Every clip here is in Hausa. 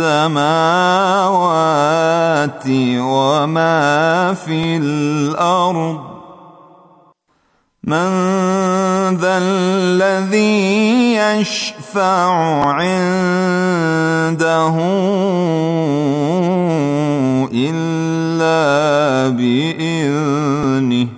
السماوات وما في الارض من ذا الذي يشفع عنده الا باذنه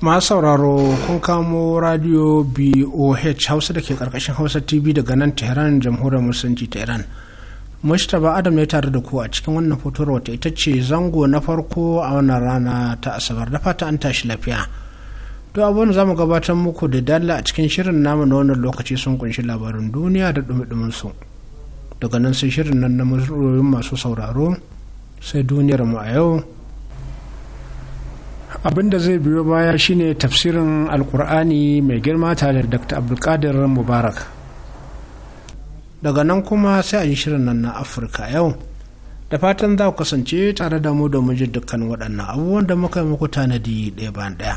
masu sauraro kun kamo radio boh hausa da ke karkashin hausa tv daga nan tehran jamhuriyar musulunci ta iran mustapha adam ne tare da ku a cikin wannan fotowar wata ita ce zango na farko a wannan rana ta asabar da fata an tashi lafiya to abin za mu gabatar muku da dalla a cikin shirin namu na wannan lokaci sun kunshi labarin duniya da dumi su daga nan sai shirin nan na masu sauraro sai duniyar mu a yau abin da zai biyo baya shine tafsirin alkur'ani mai girma tare da dr abdulkadir mubarak daga nan kuma sai a yi shirin nan na afirka yau da fatan za ku kasance tare da mu domin jin dukkan waɗannan abubuwan da muka yi muku tanadi ɗaya bayan ɗaya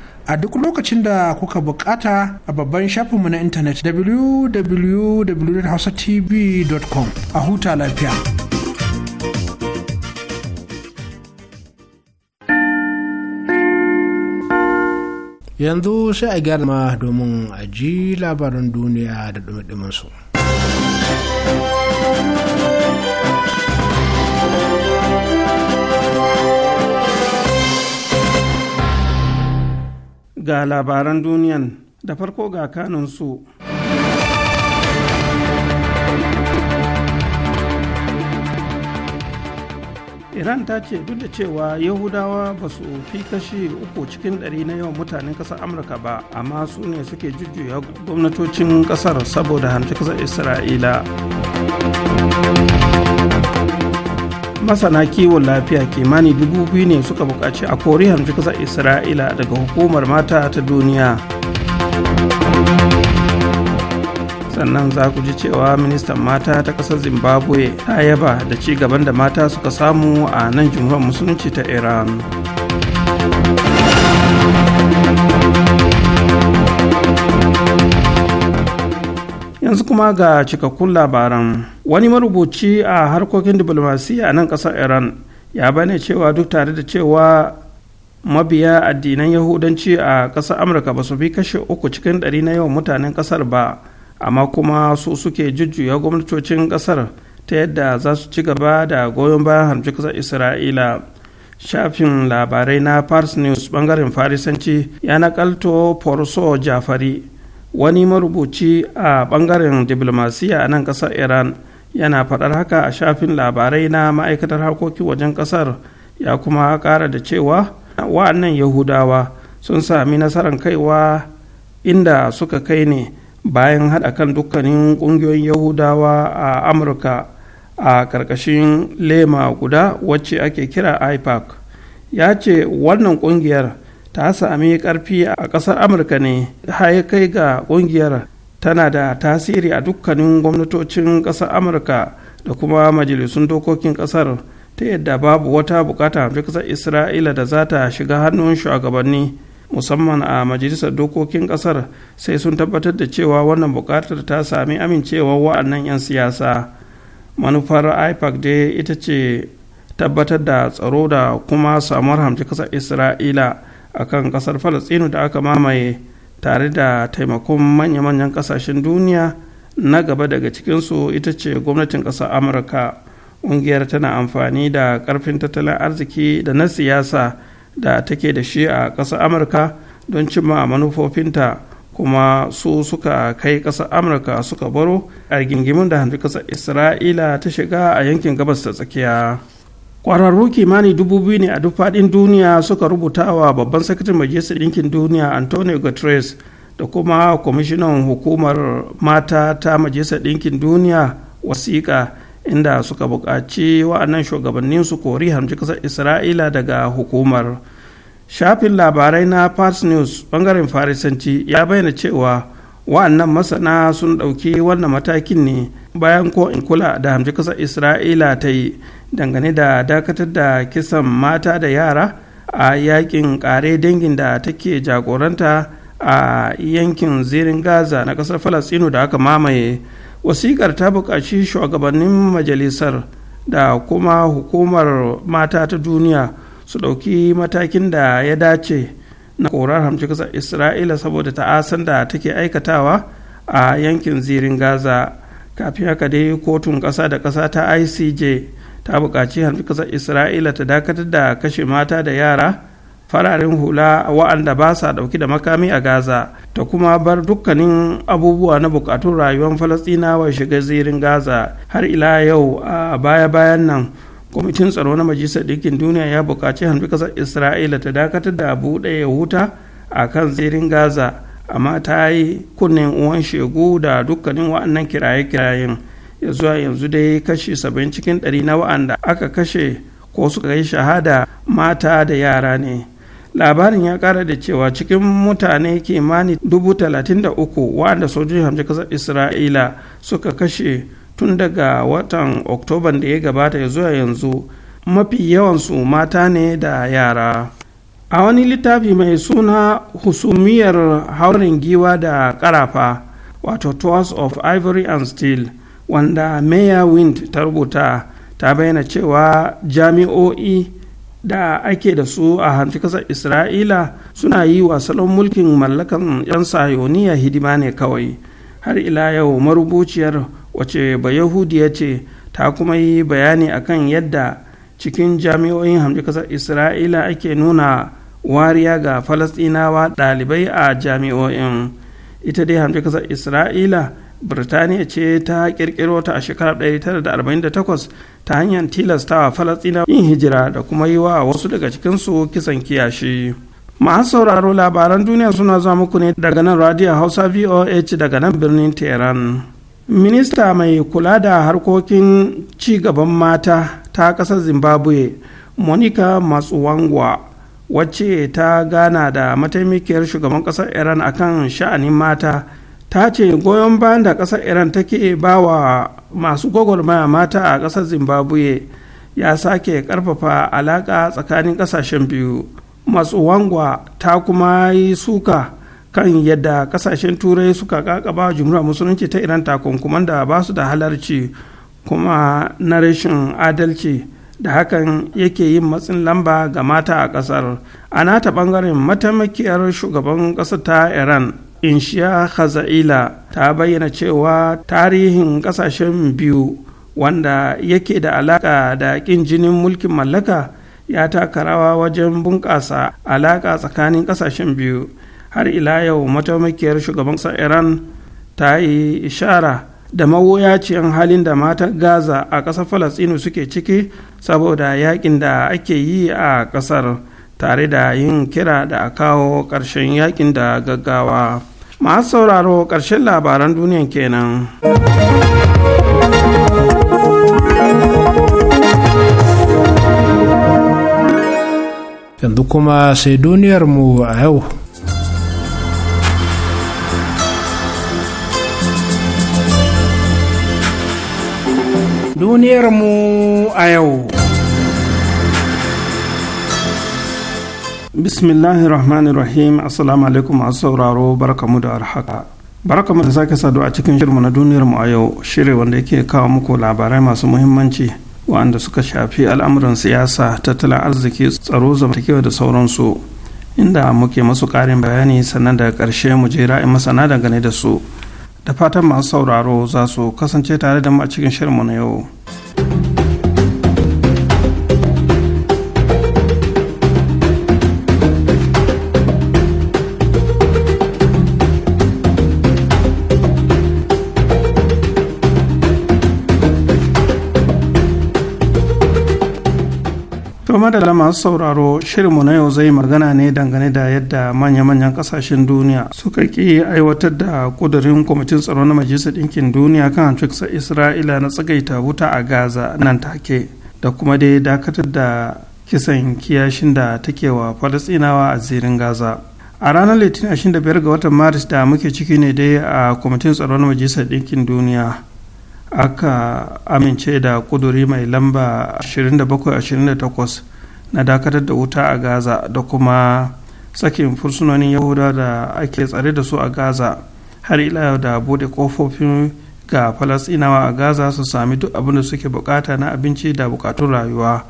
a duk lokacin da kuka bukata a babban shafinmu na intanet www.hausatv.com a huta lafiya. Yanzu sai a gyara ma domin a ji labaran duniya da dumi ga labaran duniyan da farko ga su iran ta ce duk da cewa yahudawa ba su fi kashe uku cikin ɗari na yawan mutanen ƙasar amurka ba amma su ne suke jujjuya gwamnatocin ƙasar saboda hamci ƙasar isra'ila masana kiwon lafiya kimani dubu biyu ne suka bukaci a kori hamshi ƙasar isra'ila daga hukumar mata ta duniya sannan za ku ji cewa ministan mata ta ƙasar zimbabwe ta yaba da ci gaban da mata suka samu a nan jumhuriyar musulunci ta iran yanzu kuma ga cikakkun labaran wani marubuci a harkokin diplomasiyya a nan kasar iran ya bane cewa duk tare da cewa mabiya addinan yahudanci a kasar amurka ba su fi kashe uku cikin ɗari na yawan mutanen kasar ba amma kuma su suke jujjuya gwamnatocin kasar ta yadda za su ci gaba da goyon bayan harbi kasar isra'ila shafin labarai na fars news bangaren farisanci ya nakalto forso jafari wani marubuci a bangaren diplomasiya a nan kasar iran yana faɗar haka a shafin labarai na ma'aikatar harkokin wajen kasar ya kuma ƙara da cewa wa'annan yahudawa sun sami nasarar kaiwa inda suka kai ne bayan haɗa kan dukkanin ƙungiyoyin yahudawa a amurka a ƙarƙashin lema guda wacce ake kira ipac ya ce wannan ƙungiyar ta sami ƙarfi a ƙasar amurka ne har kai ga ƙungiyar tana da tasiri a dukkanin gwamnatocin ƙasar amurka da kuma majalisun dokokin ƙasar ta yadda babu wata bukata fi ƙasar isra'ila da za ta shiga hannun shugabanni musamman a majalisar dokokin ƙasar sai sun tabbatar da cewa wannan bukatar ta sami amincewar wa'annan 'yan siyasa manufar ipac dai ita ce tabbatar da tsaro da kuma samuwar hamci ƙasar isra'ila a kan ƙasar falastinu da aka mamaye tare da taimakon manya-manyan ƙasashen duniya na gaba daga cikinsu ita ce gwamnatin ƙasar amurka ƙungiyar tana amfani da ƙarfin tattalin arziki da na siyasa da take da shi a ƙasar amurka don cimma manufofinta kuma su suka kai ƙasar amurka suka baro a gingimin da hanfi ƙasar isra'ila ta shiga a yankin gabas ta tsakiya kwararru kimanin dubu biyu ne a duk faɗin duniya suka rubuta wa babban sakatar majalisar ɗinkin duniya antonio guterres da kuma kwamishinan hukumar mata ta majalisar ɗinkin duniya wasiƙa inda suka buƙaci wa'annan shugabannin su kori hamji kasar isra'ila daga hukumar shafin labarai na fars news bangaren farisanci ya bayyana cewa wa'annan masana sun ɗauki wannan matakin ne bayan ko in kula da hamji ƙasar isra'ila ta yi dangane da dakatar da kisan mata da yara a yakin kare dangin da take jagoranta a yankin zirin gaza na kasar falastinu da aka mamaye wasikar ta buƙaci shugabannin majalisar da kuma hukumar mata ta duniya su ɗauki matakin da ya dace na korar hamci kasar isra'ila saboda ta'asan da take aikatawa a yankin zirin gaza kafin haka dai kotun ƙasa da ƙasa ta icj ta buƙaci hamsin ƙasar isra'ila ta dakatar da kashe mata da yara fararen hula wa'anda ba sa ɗauki da makami a gaza ta kuma bar dukkanin abubuwa na buƙatun rayuwar falastinawa shiga zirin gaza har ila yau a baya-bayan nan kwamitin tsaro na majalisar ɗinkin duniya ya buƙaci hamsin ƙasar isra'ila ta dakatar da buɗe wuta a kan zirin gaza amma ta yi kunnen uwan shegu da dukkanin wa'annan kiraye-kirayen ya zuwa yanzu dai kashe saba'in cikin ɗari na wa'anda aka kashe ko suka yi shahada mata da yara ne labarin ya kara da cewa cikin mutane kimanin dubu talatin da uku wa'anda sojojin hamshe kasar isra'ila suka kashe tun daga watan oktoban da ya gabata ya zuwa yanzu mafi yawansu mata ne da yara a wani littafi mai suna husumiyar haurin giwa da karafa wato tours of ivory and steel wanda Meya Wind ta rubuta ta bayyana cewa jami'o'i da ake da su a hanci kasar Isra'ila suna yi wa salon mulkin mallakan 'yan sayoniya hidima ne kawai. Har ila yau marubuciyar wace Bayahudiya ce ta kuma yi bayani akan yadda cikin jami'o'in hamji kasar Isra'ila ake nuna wariya ga Falasɗinawa ɗalibai a jami'o'in. Ita dai hamji kasar Isra'ila birtaniya ce ta kirkiro ta a shekarar 1948 ta hanyar tilastawa falastina yin hijira da kuma yi wa wasu daga cikinsu kisan kiyashi masu sauraro labaran duniya suna zuwa muku ne daga nan radio hausa voh daga nan birnin tehran minista mai kula da harkokin ci gaban mata ta kasar zimbabwe monica matsuwangwa wacce ta gana da mataimakiyar shugaban kasar iran akan sha'anin mata ta ce goyon bayan da ƙasar iran take ba wa masu gwagwarmaya mata a ƙasar zimbabwe ya sake karfafa alaƙa tsakanin ƙasashen biyu masu wangwa ta kuma yi suka kan yadda ƙasashen turai suka ƙaƙaba jumhuriyar musulunci ta iran takunkuman da ba su da halarci kuma na rashin adalci da hakan yake yin matsin lamba ga mata a ƙasar a nata ɓangaren mataimakiyar shugaban ƙasar ta iran inshiya khaza'ila ta bayyana cewa tarihin kasashen biyu wanda yake da alaƙa da ƙin jinin mulkin mallaka ya taka rawa wajen bunƙasa alaƙa tsakanin ƙasashen biyu har ila yau mataimakiyar shugaban ƙasar iran ta yi ishara da mawuyaciyar halin da matan gaza a ƙasar falasino suke ciki saboda yakin da ake yi a ƙasar. tare da yin kira da a kawo ƙarshen yakin da gaggawa masu sauraro ƙarshen labaran duniyan kenan yanzu kuma sai duniyarmu a yau duniyarmu a yau bismillahi rahmanir rahim assalamu alaikum masu sauraro barkamu da arhaka barkamu da sake saduwa a cikin shirmu na duniyar mu a yau shirin wanda yake kawo muku labarai masu muhimmanci wanda suka shafi al'amuran siyasa tattalin arziki tsaro zamantakewa da sauransu inda muke masu karin bayani sannan daga karshe mu je ra'ayin masana dangane da su da fatan masu sauraro za su kasance tare da mu a cikin shirinmu na yau. kuma da masu sauraro shirin mu na yau zai magana ne dangane da yadda manya-manyan kasashen duniya suka ki aiwatar da kudurin kwamitin tsaro na majalisar ɗinkin duniya kan hamshiksa isra'ila na tsagaita wuta a gaza nan take da kuma dai dakatar da kisan kiyashin da take wa falasinawa a zirin gaza a ranar litinin 25 ga watan maris da muke ciki ne dai a kwamitin tsaro na majalisar ɗinkin duniya aka amince da kuduri mai lamba 27-28 na dakatar da wuta a gaza da kuma sakin fursunonin yahuda da ake tsare da su a gaza har ila yau da bude kofofin ga falasinawa a gaza su sami duk abin da suke bukata na abinci da bukatun rayuwa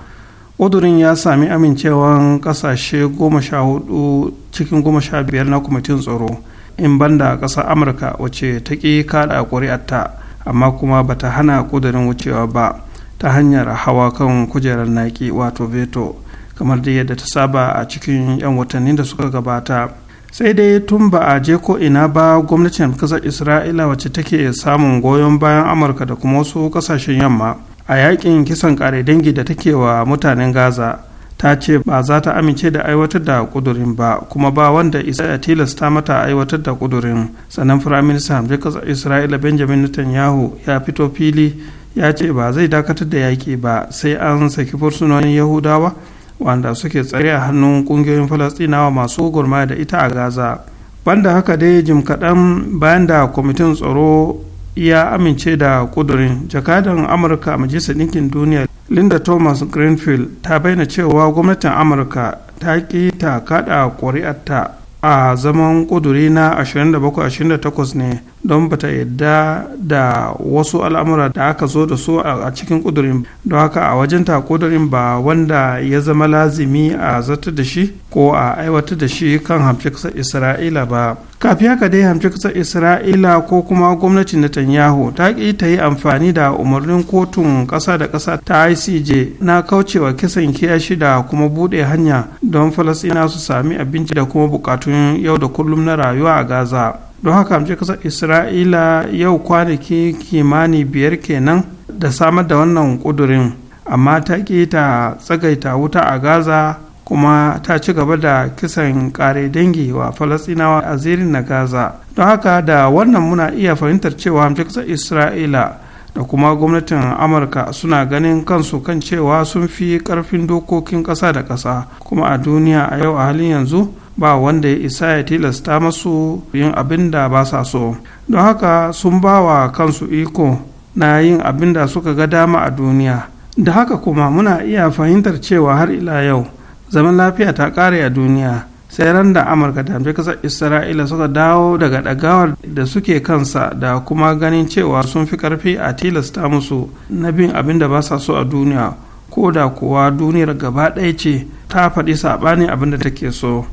ƙudurin ya sami amincewan kasashe 14 cikin 15 na kwamitin tsaro in banda ƙasar amurka wacce ta ƙi kada ƙuri'arta amma kuma bata hana ƙudurin wucewa ba ta hanyar hawa kan kujerar naki wato veto kamar da yadda ta saba a cikin 'yan watanni da suka gabata sai dai tun ba a je ko ina ba gwamnatin kasar isra'ila wacce take samun goyon bayan amurka da kuma wasu kasashen yamma a yakin kisan kare dangi da take wa mutanen gaza ta ce ba za ta amince da aiwatar da kudurin ba kuma ba wanda isa ya tilasta mata aiwatar da kudurin sannan firaminista hamshe isra'ila benjamin netanyahu ya fito fili ya ce ba zai dakatar da yaƙi ba sai an saki fursunonin yahudawa wanda suke tsare a hannun ƙungiyoyin falastinawa masu gurma da ita a gaza banda haka dai jim kaɗan bayan da kwamitin tsaro ya amince da kudurin jakadan amurka a majalisar ɗinkin duniya linda thomas greenfield ta bayyana cewa gwamnatin amurka ta ki ta kaɗa ƙuri'arta a zaman kuduri na 27-28 ne don bata yadda da wasu al'amura da aka zo da su a cikin kudurin don haka a wajen ta kudurin ba wanda ya zama lazimi a zata da shi ko a aiwatar da shi kan hamshe kasar isra'ila ba kafin haka dai hamshe kasar isra'ila ko kuma gwamnatin netanyahu ta ƙi ta yi amfani da umarnin kotun ƙasa da ƙasa ta icj na kaucewa kisan kiyashi da kuma buɗe hanya don falasina su sami abinci da kuma buƙatun yau da kullum na rayuwa a gaza don haka amce kasar isra'ila yau kwanaki kimani biyar kenan da samar da wannan kudurin amma ta ƙi ta tsagaita wuta a gaza kuma ta ci gaba da kisan kare dangi wa falasinawa a zirin na gaza don haka da wannan muna iya fahimtar cewa amce kasar isra'ila da kuma gwamnatin amurka suna ganin kansu kan cewa sun fi karfin dokokin ƙasa da ƙasa kuma a duniya a yau a halin yanzu ba wanda ya isa ya tilasta masu yin abin da ba sa so don haka sun ba wa kansu iko na yin abin da suka ga dama a duniya da haka kuma muna iya fahimtar cewa har ila yau zaman lafiya ta ƙare a duniya sai ran da amurka da kasar isra'ila suka dawo daga ɗagawar da suke kansa da kuma ganin cewa sun fi ƙarfi a tilasta musu na bin abin da ba sa so a duniya ko da kuwa duniyar gaba ɗaya ce ta faɗi saɓani abin da take so.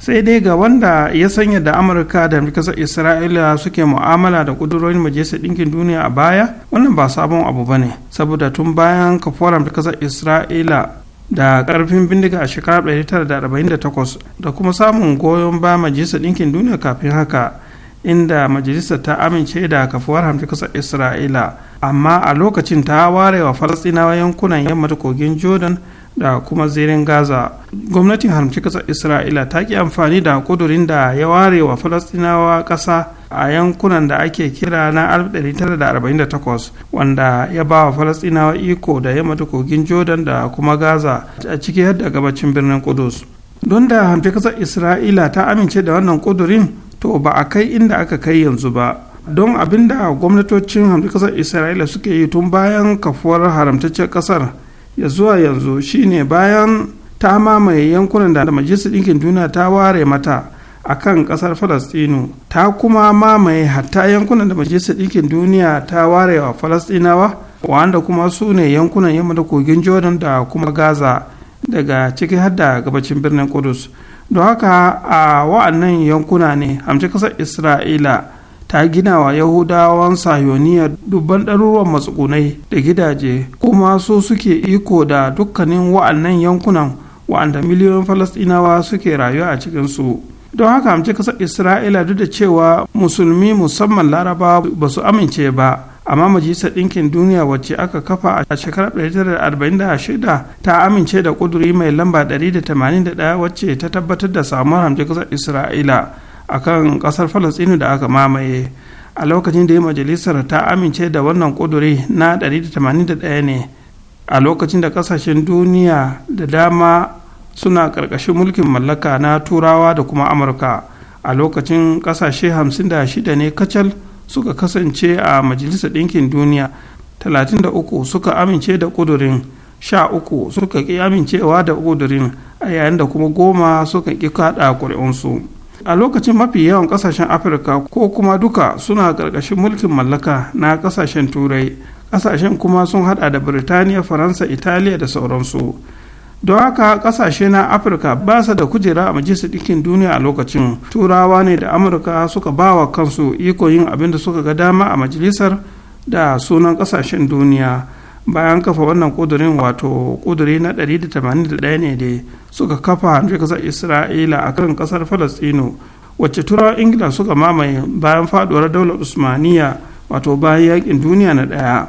sai dai ga wanda ya sanya da amurka da kasar isra'ila suke mu'amala da kudurorin majalisar ɗinkin duniya a baya wannan ba sabon abu ba ne saboda tun bayan kafuwar kasar isra'ila da karfin bindiga a shekarar 1948 da kuma samun goyon ba majalisar ɗinkin duniya kafin haka inda majalisar ta amince da kafuwar kasar isra'ila amma a lokacin ta ware wa falastinawa yankunan yamma kogin jordan da kuma zirin gaza gwamnatin haramci kasar isra'ila ta ki amfani da kudurin da ya ware wa falastinawa ƙasa a yankunan da ake kira na 1948 wanda ya ba wa falastinawa iko da yamma da kogin jordan da kuma gaza a ciki yadda gabacin birnin kudus don da haramci kasar isra'ila ta amince da wannan kudurin to ba a kai inda aka kai yanzu ba don abinda gwamnatocin haramci kasar isra'ila suke yi tun bayan kafuwar haramtaccen kasar ya zuwa yanzu shine bayan ta mamaye yankunan da majalisar ɗinkin duniya ta ware mata a kan ƙasar falastinu ta kuma mamaye hatta yankunan da majalisar ɗinkin duniya ta ware wa falastinawa wanda kuma su ne yankunan yamma da kogin jordan da kuma gaza daga ciki har da gabacin birnin kudus don haka a wa'annan yankuna ne hamci ƙasar isra'ila ta gina wa yahudawan sayoniya dubban ɗaruruwan matsugunai da gidaje kuma su suke iko da dukkanin wa'annan yankunan wa'anda miliyoyin falastinawa suke rayuwa a cikinsu don haka amce kasar isra'ila duk da cewa musulmi musamman laraba ba su amince ba amma majalisar ɗinkin duniya wacce aka kafa a shekarar 1946 ta amince da ƙuduri mai lamba 181 wacce ta tabbatar da samuwar hamshe kasar isra'ila a kan kasar falasɗinu da aka mamaye a lokacin da ya majalisar ta amince da wannan kuduri na 181 ne a lokacin da kasashen duniya da dama suna ƙarƙashin mulkin mallaka na turawa da kuma amurka a lokacin ƙasashe 56 ne kacal suka kasance a majalisar ɗinkin duniya 33 suka amince da ƙudurin 13 suka ƙi amincewa da ƙudurin a yayin da kuma goma suka ƙi kaɗa ƙuri'unsu. a lokacin mafi yawan kasashen afirka ko kuma duka suna ƙarƙashin mulkin mallaka na kasashen turai kasashen kuma sun hada da birtaniya faransa italiya da sauransu don haka kasashe na afirka ba su da kujera a majalisar ɗinkin duniya a lokacin turawa ne da amurka suka ba wa kansu iko yin abin da suka ga dama a majalisar da sunan kasashen duniya bayan kafa wannan kudurin wato kuduri na 181 ne da suka kafa kasar isra'ila a kan kasar falastino wacce turawan ingila suka mamaye bayan faduwar daular usmaniya wato bayan yakin duniya na daya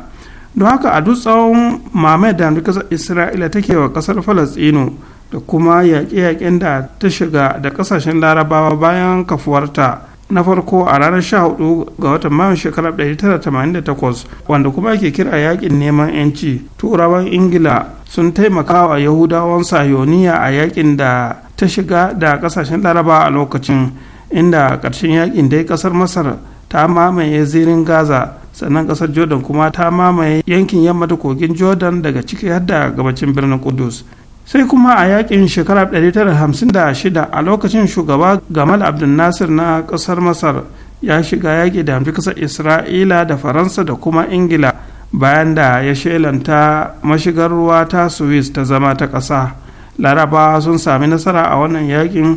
don haka a duk tsawon mamaye da kasar isra'ila take wa kasar falastino da kuma yaƙe-yaƙen da ta shiga da ƙasashen larabawa bayan kafuwarta na farko a ranar 14 ga watan mayun shekarar 1988 wanda kuma ke kira yakin neman 'yanci turawan ingila sun taimaka wa yahudawan sayoniya a yakin da ta shiga da kasashen laraba a lokacin inda ƙarshen yakin dai ƙasar masar ta mamaye zirin gaza sannan ƙasar jordan kuma ta mamaye yankin yamma da kogin jordan daga ciki har da gabacin birnin kudus sai kuma a yakin shekara 1956 a lokacin shugaba gamal abdul na kasar masar ya shiga yaƙi da hamshi kasar isra'ila da faransa da kuma ingila bayan da ya shelanta mashigar ruwa ta swiss ta zama ta ƙasa laraba sun sami nasara a wannan yakin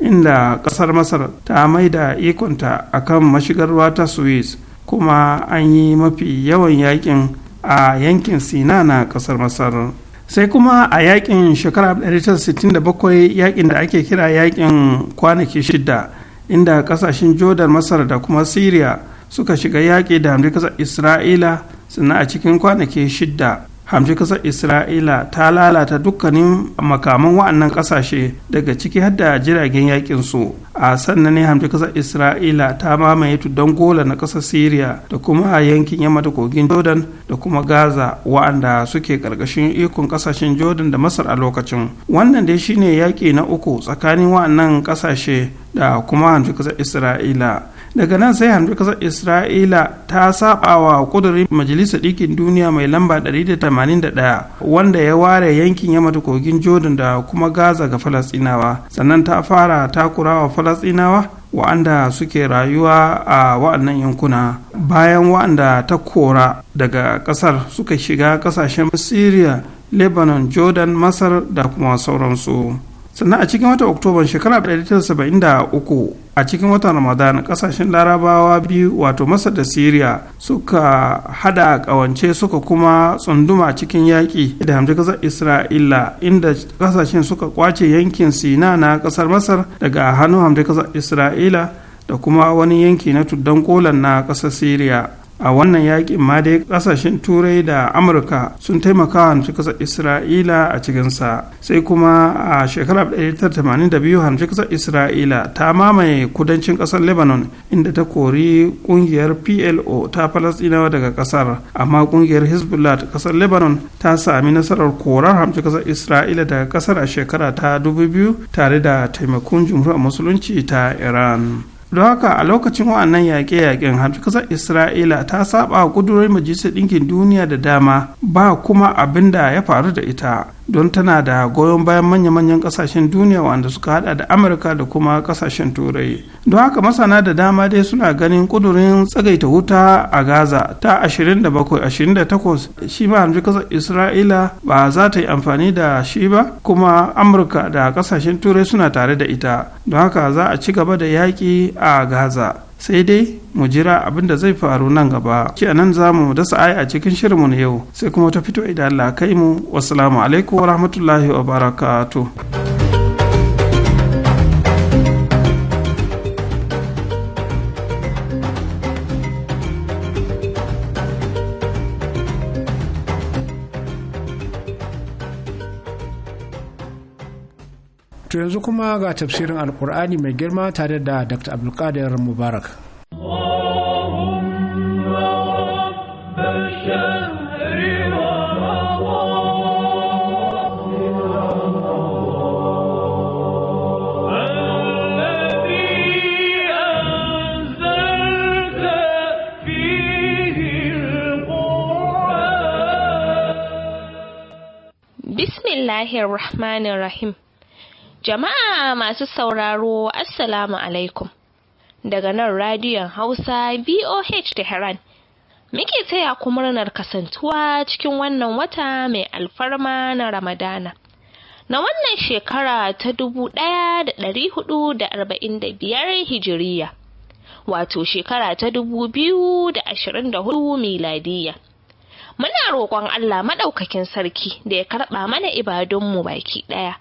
inda kasar masar ta maida ikonta akan mashigar ruwa ta swiss kuma an yi mafi yawan yakin a yankin sina na ƙasar masar sai kuma a yakin shekara 1967 yakin da ake kira yakin kwanaki shida inda kasashen jordan masar da kuma syria suka shiga yaƙi da amurka isra'ila sannan a cikin kwanaki shida hamshi kasar isra'ila ta lalata dukkanin makaman wa'annan kasashe daga ciki hadda jiragen yakin su a sannan ne hamshi kasar isra'ila ta mamaye tuddan gola na ƙasar syria da kuma yankin yamma kogin jordan da kuma gaza wa'anda suke ƙarƙashin ikon ƙasashen jordan da masar a lokacin wannan dai shine yaƙi na uku tsakanin wa'annan ƙasashe da kuma hamshi kasar isra'ila daga nan sai hamdu kasar isra'ila ta saba wa kudurin majalisar ɗikin duniya mai lamba 181 wanda ya ware yankin yamma da kogin jordan da kuma gaza ga falasinawa sannan ta fara wa falasinawa wa'anda suke rayuwa a wa'annan yankuna bayan wa'anda ta kora daga kasar suka shiga kasashen syria lebanon jordan masar da kuma sauransu sannan a cikin watan oktoban shekara 1973 a cikin watan ramadan kasashen larabawa biyu wato masar da syria suka hada kawance suka kuma tsunduma cikin yaƙi da hamji kasar isra'ila inda kasashen suka kwace yankin sina na kasar masar daga hannun hamji kasar isra'ila da kuma wani yanki na tuddan kolan na kasar syria a wannan yakin ma dai kasashen turai da amurka sun taimaka hamshi kasar isra'ila a cikinsa sai kuma a shekarar 1982 hamshi kasar isra'ila ta mamaye kudancin kasar lebanon inda ta kori kungiyar plo ta falasdinawa daga kasar amma kungiyar hezbollah ta kasar lebanon ta sami nasarar korar hamshi kasar isra'ila daga kasar a shekara ta 2000 tare da taimakon jumhuriyar musulunci ta iran don haka a lokacin wa'annan yaƙe-yaƙen hamshi ƙasar isra'ila ta saba kudurorin majalisar ɗinkin duniya da dama ba kuma abin da ya faru da ita don tana da goyon bayan manya-manyan kasashen duniya wanda suka hada da amurka da kuma kasashen turai don haka masana da dama dai suna ganin kudurin tsagaita wuta a gaza ta 27-28 shi ma hamji kasar isra'ila ba za ta yi amfani da shi ba kuma amurka da kasashen turai suna tare da ita don haka za a ci gaba da yaƙi a gaza sai dai mu jira abin da zai faru nan gaba ki nan za mu dasa aya a cikin shirinmu na yau sai kuma ta fito idan Allah kai mu wasu alaikum wa rahmatullahi wa barakatuh to yanzu kuma ga tafsirin alkur'ani mai girma tare da dr abdulkadir mubarak Bismillahirrahmanirrahim. Jama'a masu sauraro Assalamu alaikum. Daga nan radiyon Hausa BOH Tehran. Muke taya ku murnar kasantuwa cikin wannan wata mai alfarma na Ramadana. Na wannan shekara ta dubu ɗaya da da da arba'in da biyar Hijiriya, wato shekara ta dubu biyu da ashirin da hudu miladiyya. Muna roƙon Allah Maɗaukakin Sarki da ya karɓa mana ibadunmu baki ɗaya.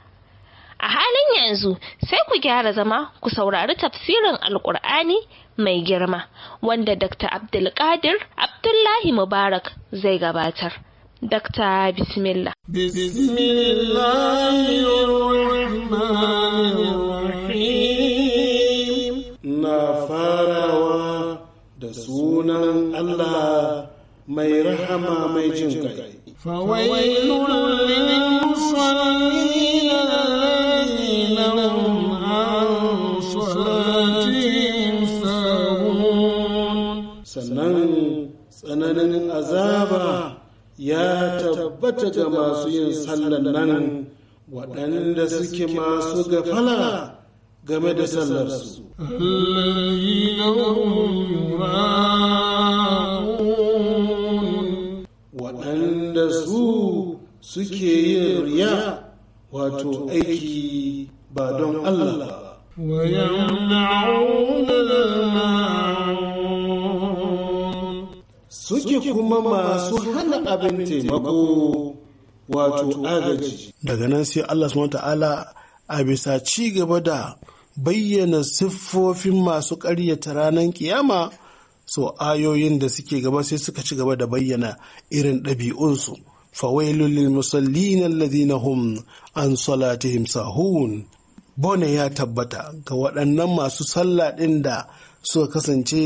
A halin yanzu sai ku gyara zama ku saurari tafsirin alkur'ani mai girma wanda Dr. Abdulkadir Abdullahi Mubarak zai gabatar. Dr. Bismillah. Bismillahirrahmanirrahim. Na farawa da sunan Allah mai rahama mai jin kai. Fawailun tsananin azaba ya tabbata ga masu yin sallar nan waɗanda suke masu gafala game da sallarsu. waɗanda su suke yin riya wato aiki ba don Allah ba. suke kuma masu hana abin taimako wato agaji. Daga nan sai Allah subhanahu ta'ala a bisa ci gaba da bayyana siffofin masu ƙaryata ranar kiyama so ayoyin da suke gaba sai suka ci gaba da bayyana irin ɗabi'unsu. fawailun lil musallin alladhina hum an salatihim sahun bone ya tabbata ga waɗannan masu sallah ɗin da suka kasance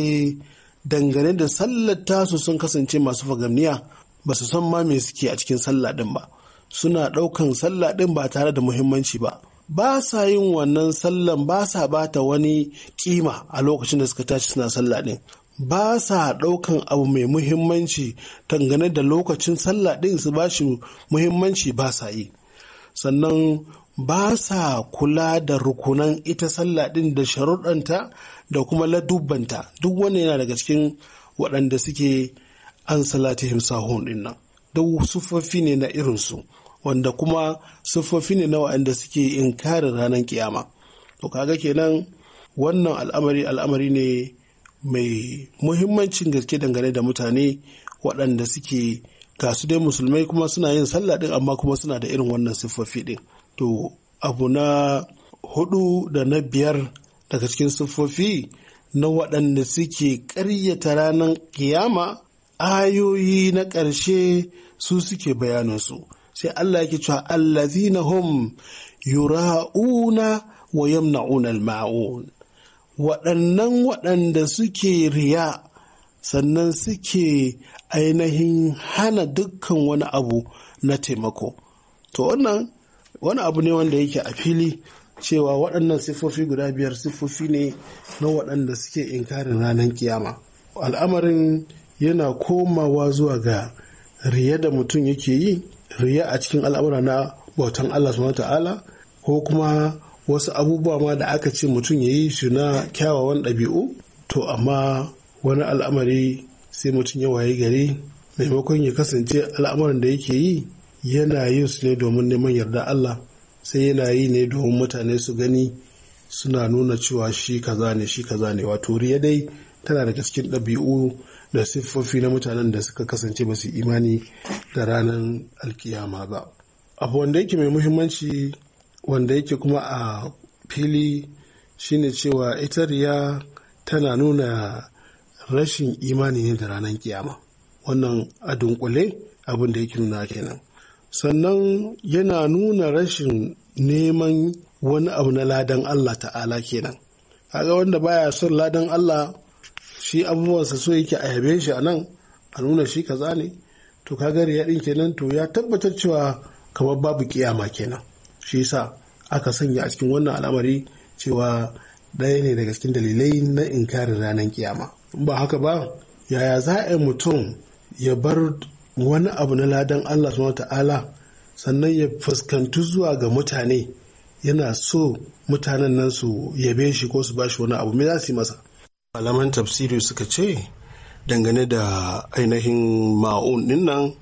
dangane da sallar tasu sun kasance masu fagamniya ba su san ma me suke a cikin sallah ɗin ba suna ɗaukan sallah ɗin ba tare da muhimmanci ba ba sa yin wannan sallan ba sa bata wani kima a lokacin da suka tashi suna sallah ɗin ba sa ɗaukan abu mai muhimmanci dangane da lokacin sallah ɗin su ba muhimmanci ba sa yi sannan ba sa kula da rukunan ita sallah ɗin da sharuɗanta da kuma ladubbanta duk wanda yana daga cikin waɗanda suke an salatihim sahun ɗin nan duk sufofi ne na irinsu wanda kuma sufofi ne na waɗanda suke inkarin ranar kiyama to kaga kenan wannan al'amari al'amari ne mai muhimmancin gaske dangane da mutane waɗanda suke gasu su dai musulmai kuma suna yin sallah ɗin amma kuma suna da irin wannan siffofi ɗin to abu na hudu da na biyar daga cikin siffofi na waɗanda suke ƙaryata ranar kiyama ayoyi na ƙarshe su suke bayaninsu sai Allah yake cewa allazina hum yura'una wa yamna'una al-ma'un waɗannan waɗanda suke riya sannan suke ainihin hana dukkan wani abu na taimako to wannan wani abu ne wanda yake a fili cewa waɗannan siffofi guda biyar siffofi ne na waɗanda suke inkarin ranar kiyama al'amarin yana komawa zuwa ga riya da mutum yake yi riya a cikin al'amura na bautan allah subhanahu ta'ala ko kuma wasu abubuwa ma da aka ce mutum ya yi su na kyawawan ɗabi'u to amma wani al'amari sai mutum ya waye gari maimakon ya kasance al'amarin da yake yi yana yin su ne domin neman yarda Allah sai yana yi ne domin mutane su gani suna nuna cewa shi kaza ne shi kaza ne wato riya dai tana da cikin ɗabi'u da siffofi na mutanen da suka kasance ba su imani da ranar alkiyama ba abu wanda yake mai muhimmanci wanda yake kuma a fili shine cewa ita riya tana nuna rashin imani ne da ranar kiyama wannan a dunkule abin da yake nuna kenan sannan yana nuna rashin neman wani abu na ladan Allah ta'ala kenan kaga wanda baya son ladan Allah shi abubuwansa so yake a yabe shi a nan a nuna shi kaza ne to kaga ya din kenan to ya tabbatar cewa kamar babu kiyama kenan shi yasa aka sanya a cikin wannan al'amari cewa ɗaya ne daga cikin dalilai na inkarin ranar kiyama ba haka ba yaya za a mutum ya bar wani abu na ladan Allah subhanahu ta'ala sannan ya fuskantu zuwa ga mutane yana so mutanen nan su yabe shi ko su bashi wani abu me za su yi masa malaman tafsiri suka ce dangane da ainihin ma'un din nan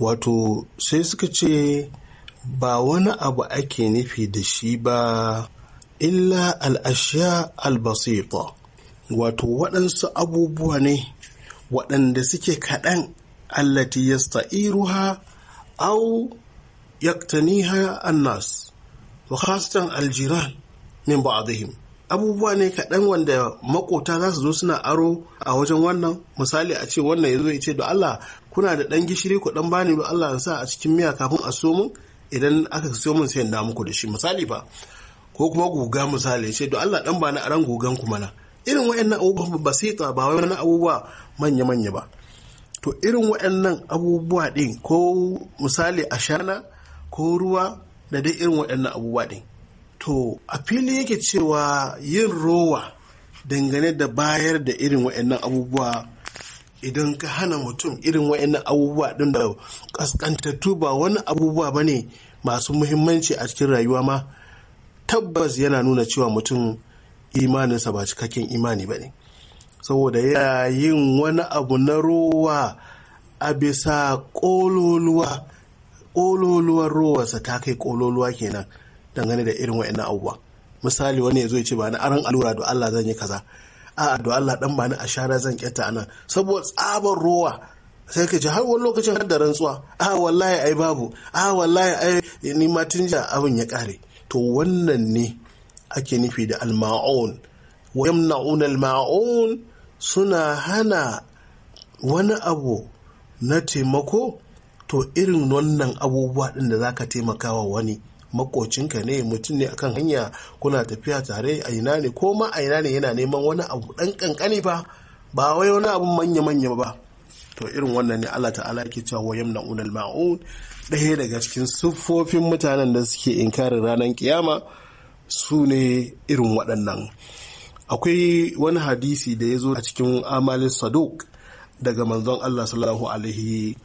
wato sai suka ce ba wani abu ake nufi da shi ba illa al'ashiya albasita wato waɗansu abubuwa ne waɗanda suke kaɗan allati yasta'iruha aw yaktaniha annas wa khasatan aljiran min ba'dihim abubuwa ne kaɗan wanda makota za su zo suna aro a wajen wannan misali a ce wannan ya zo ya ce da Allah kuna da ɗan gishiri ku ɗan bani da Allah sa a cikin miya kafin a so mun idan aka so mun sai na muku da shi misali fa ko kuma guga misali ya ce da Allah ɗan bani aran gugan ku mana irin wayannan abubuwa basita ba wani abubuwa manya-manya ba to irin waɗannan abubuwa ɗin ko misali ashana ko ruwa da dai irin waɗannan abubuwa ɗin to a fili yake cewa yin rowa dangane da bayar da irin waɗannan abubuwa idan ka hana mutum irin waɗannan abubuwa ɗin da ƙasƙantattu ba wani abubuwa ba ne masu muhimmanci a cikin rayuwa ma tabbas yana nuna cewa mutum imaninsa ba cikakken imani ba ne saboda yana yin wani abu na ruwa, a bisa ƙololuwa ƙololuwar ruwarsa ta kai ƙololuwa kenan dangane da irin wa'annan abubuwa misali wani ya zo ya ce ba na aran allura da Allah zan yi kaza a da Allah dan ba ni ashara zan kyata anan saboda tsabar ruwa, sai ka ji har wani lokacin har da rantsuwa a wallahi ai babu a wallahi ai ni ma tun ja abin ya kare to wannan ne ake nufi da al-ma'un wa yamna'un al-ma'un suna hana wani abu na taimako to irin wannan abubuwa ɗin da za ka taimaka wa wani makocinka ne mutum ne akan hanya kuna tafiya tare a ina ne ko ma a ina ne yana neman wani abu ɗan ƙanƙani ba ba wai wani abu manya-manya ba to irin wannan ne Allah ta'ala ke cewa wa na unal ma'un ɗaya daga cikin siffofin mutanen da suke inkarin ranar kiyama su ne irin waɗannan akwai wani hadisi da ya zo a cikin amalin saduk daga manzon Allah sallallahu alaihi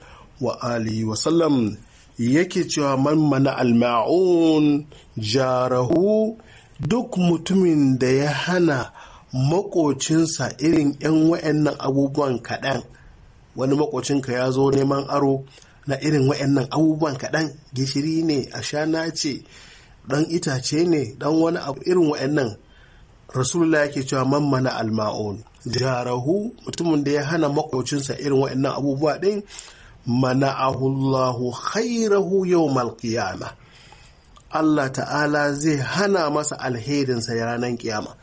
wa alihi wa sallam yake cewa man mana alma'un jarahu duk mutumin da ya hana makocinsa irin 'yan wa'annan abubuwan kaɗan wani makocinka ya zo neman aro na irin wa'annan abubuwan kaɗan gishiri ne ashana ce ɗan itace ne ɗan wani abu irin wa'annan rasulullah yake cewa mammana alma'un jarahu mutumin da ya hana makwaucinsa irin waɗannan abubuwa ɗin mana'ahullahu khairahu yau qiyama Allah ta'ala zai hana masa alherinsa ya ranar kiyama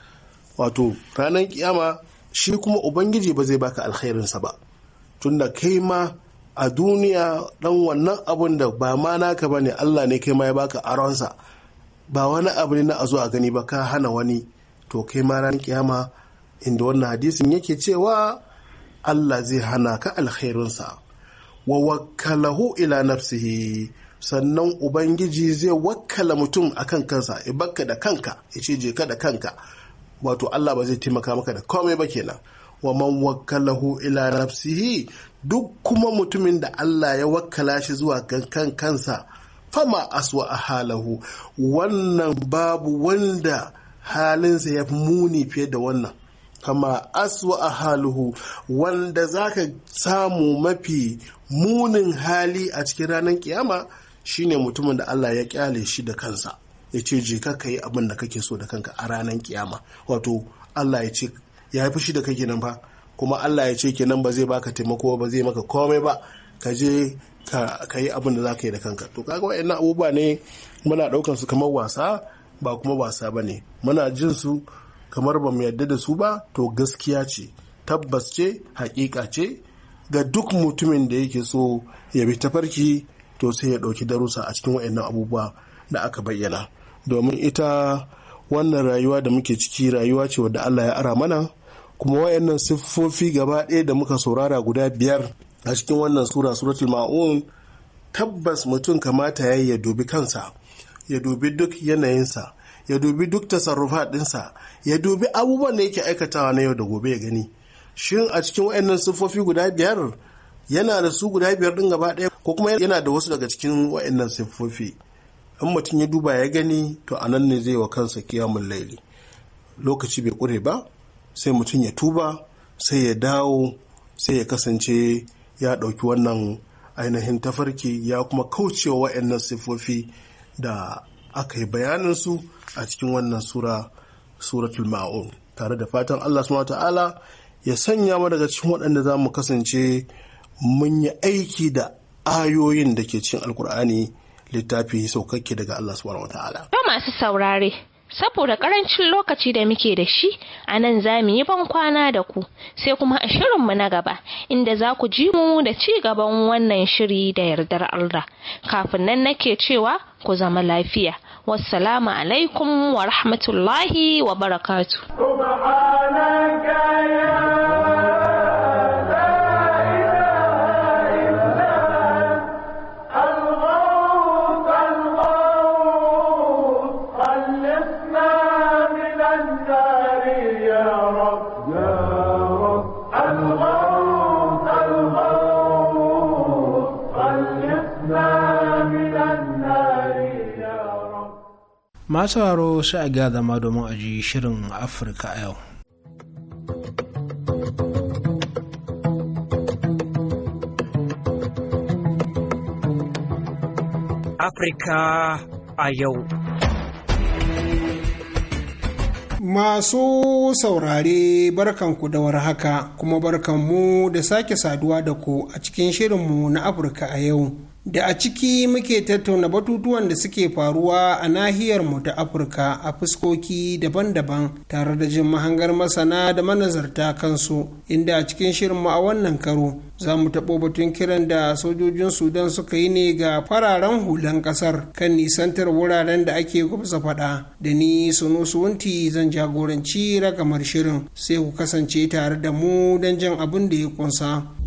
wato ranar kiyama shi kuma ubangiji ba zai baka alherinsa ba tunda kai ma a duniya dan wannan abun da ba ma naka ne Allah ne kai ma ya baka aronsa ba wani abu ne na a zo gani ba ka hana wani to kai ma ranar kiyama inda wannan hadisin yake cewa Allah zai hana ka alkhairunsa wa wakkalahu ila nafsihi sannan ubangiji zai wakkala mutum a kan kansa ya bakka da kanka ya ce je ka da kanka wato Allah ba zai taimaka maka da komai ba kenan wa man wakkalahu ila nafsihi duk kuma mutumin da Allah ya wakkala shi zuwa kan kansa fama aswa halahu wannan babu wanda halinsa ya muni fiye da wannan kama aswa a haluhu wanda za ka samu mafi munin hali a cikin ranar kiyama shine mutumin da Allah ya kyale shi da kansa ya ce je ka yi abin da kake so da kanka a ranar kiyama wato Allah ya ce ya fi shi da kake nan ba kuma Allah ya ce kenan ba zai baka taimako ba zai maka komai ba ka je ka yi abin da za ka yi da kanka to kaga abubuwa ne muna ɗaukan su kamar wasa ba kuma wasa ba ne muna jin su kamar ba mu yadda da su ba to gaskiya ce tabbas ce haƙiƙa ce ga duk mutumin da yake so ya bi tafarki to sai ya ɗauki darussa a cikin waɗannan abubuwa da aka bayyana domin ita wannan rayuwa da muke ciki rayuwa ce wadda Allah ya ara mana kuma wayannan siffofi gaba ɗaya da muka saurara guda biyar a cikin wannan sura suratul ma'un tabbas mutum kamata ya ya dubi kansa ya dubi duk yanayinsa ya dubi duk tasarrufa ɗinsa ya dubi abubuwan da yake aikatawa na yau da gobe ya gani shin a cikin waɗannan siffofi guda biyar yana da su guda biyar ɗin gaba ɗaya ko kuma yana da wasu daga cikin wayannan siffofi in mutum ya duba ya gani to a nan ne zai wa kansa kiyamun laili lokaci bai kure ba sai mutum ya tuba sai ya dawo sai ya kasance ya ɗauki wannan ainihin tafarki ya kuma kaucewa waɗannan siffofi da aka yi bayaninsu a cikin wannan sura suratul ma'un tare da fatan Allah subhanahu ta'ala ya sanya mu daga cikin waɗanda za mu kasance mun yi aiki da ayoyin da ke cikin alkur'ani littafi saukakke daga Allah subhanahu ta'ala. To masu saurare saboda karancin lokaci da muke da shi a nan za mu yi ban kwana da ku sai kuma a shirinmu na gaba inda za ku ji mu da ci gaban wannan shiri da yardar Allah kafin nan nake cewa ku zama lafiya wassalamu alaikum wa rahmatullahi wa barakatu masu sauraro sai a gya zama domin a ji shirin afirka a yau afirka a yau Masu saurare barkanku da haka kuma barkanmu da sake saduwa da ku a cikin shirinmu na Afirka a yau. da a ciki muke tattauna batutuwan da suke faruwa a nahiyar mu ta afirka a fuskoki daban-daban tare da jin mahangar masana da manazarta kansu inda a cikin shirinmu a wannan karo za mu taɓo batun kiran da sojojin sudan suka yi ne ga fararen hulan ƙasar kan nisantar wuraren da ake gubsa faɗa da ni suno suwunti zan jagoranci ragamar shirin sai ku kasance tare da mu don jan abin da ya kunsa.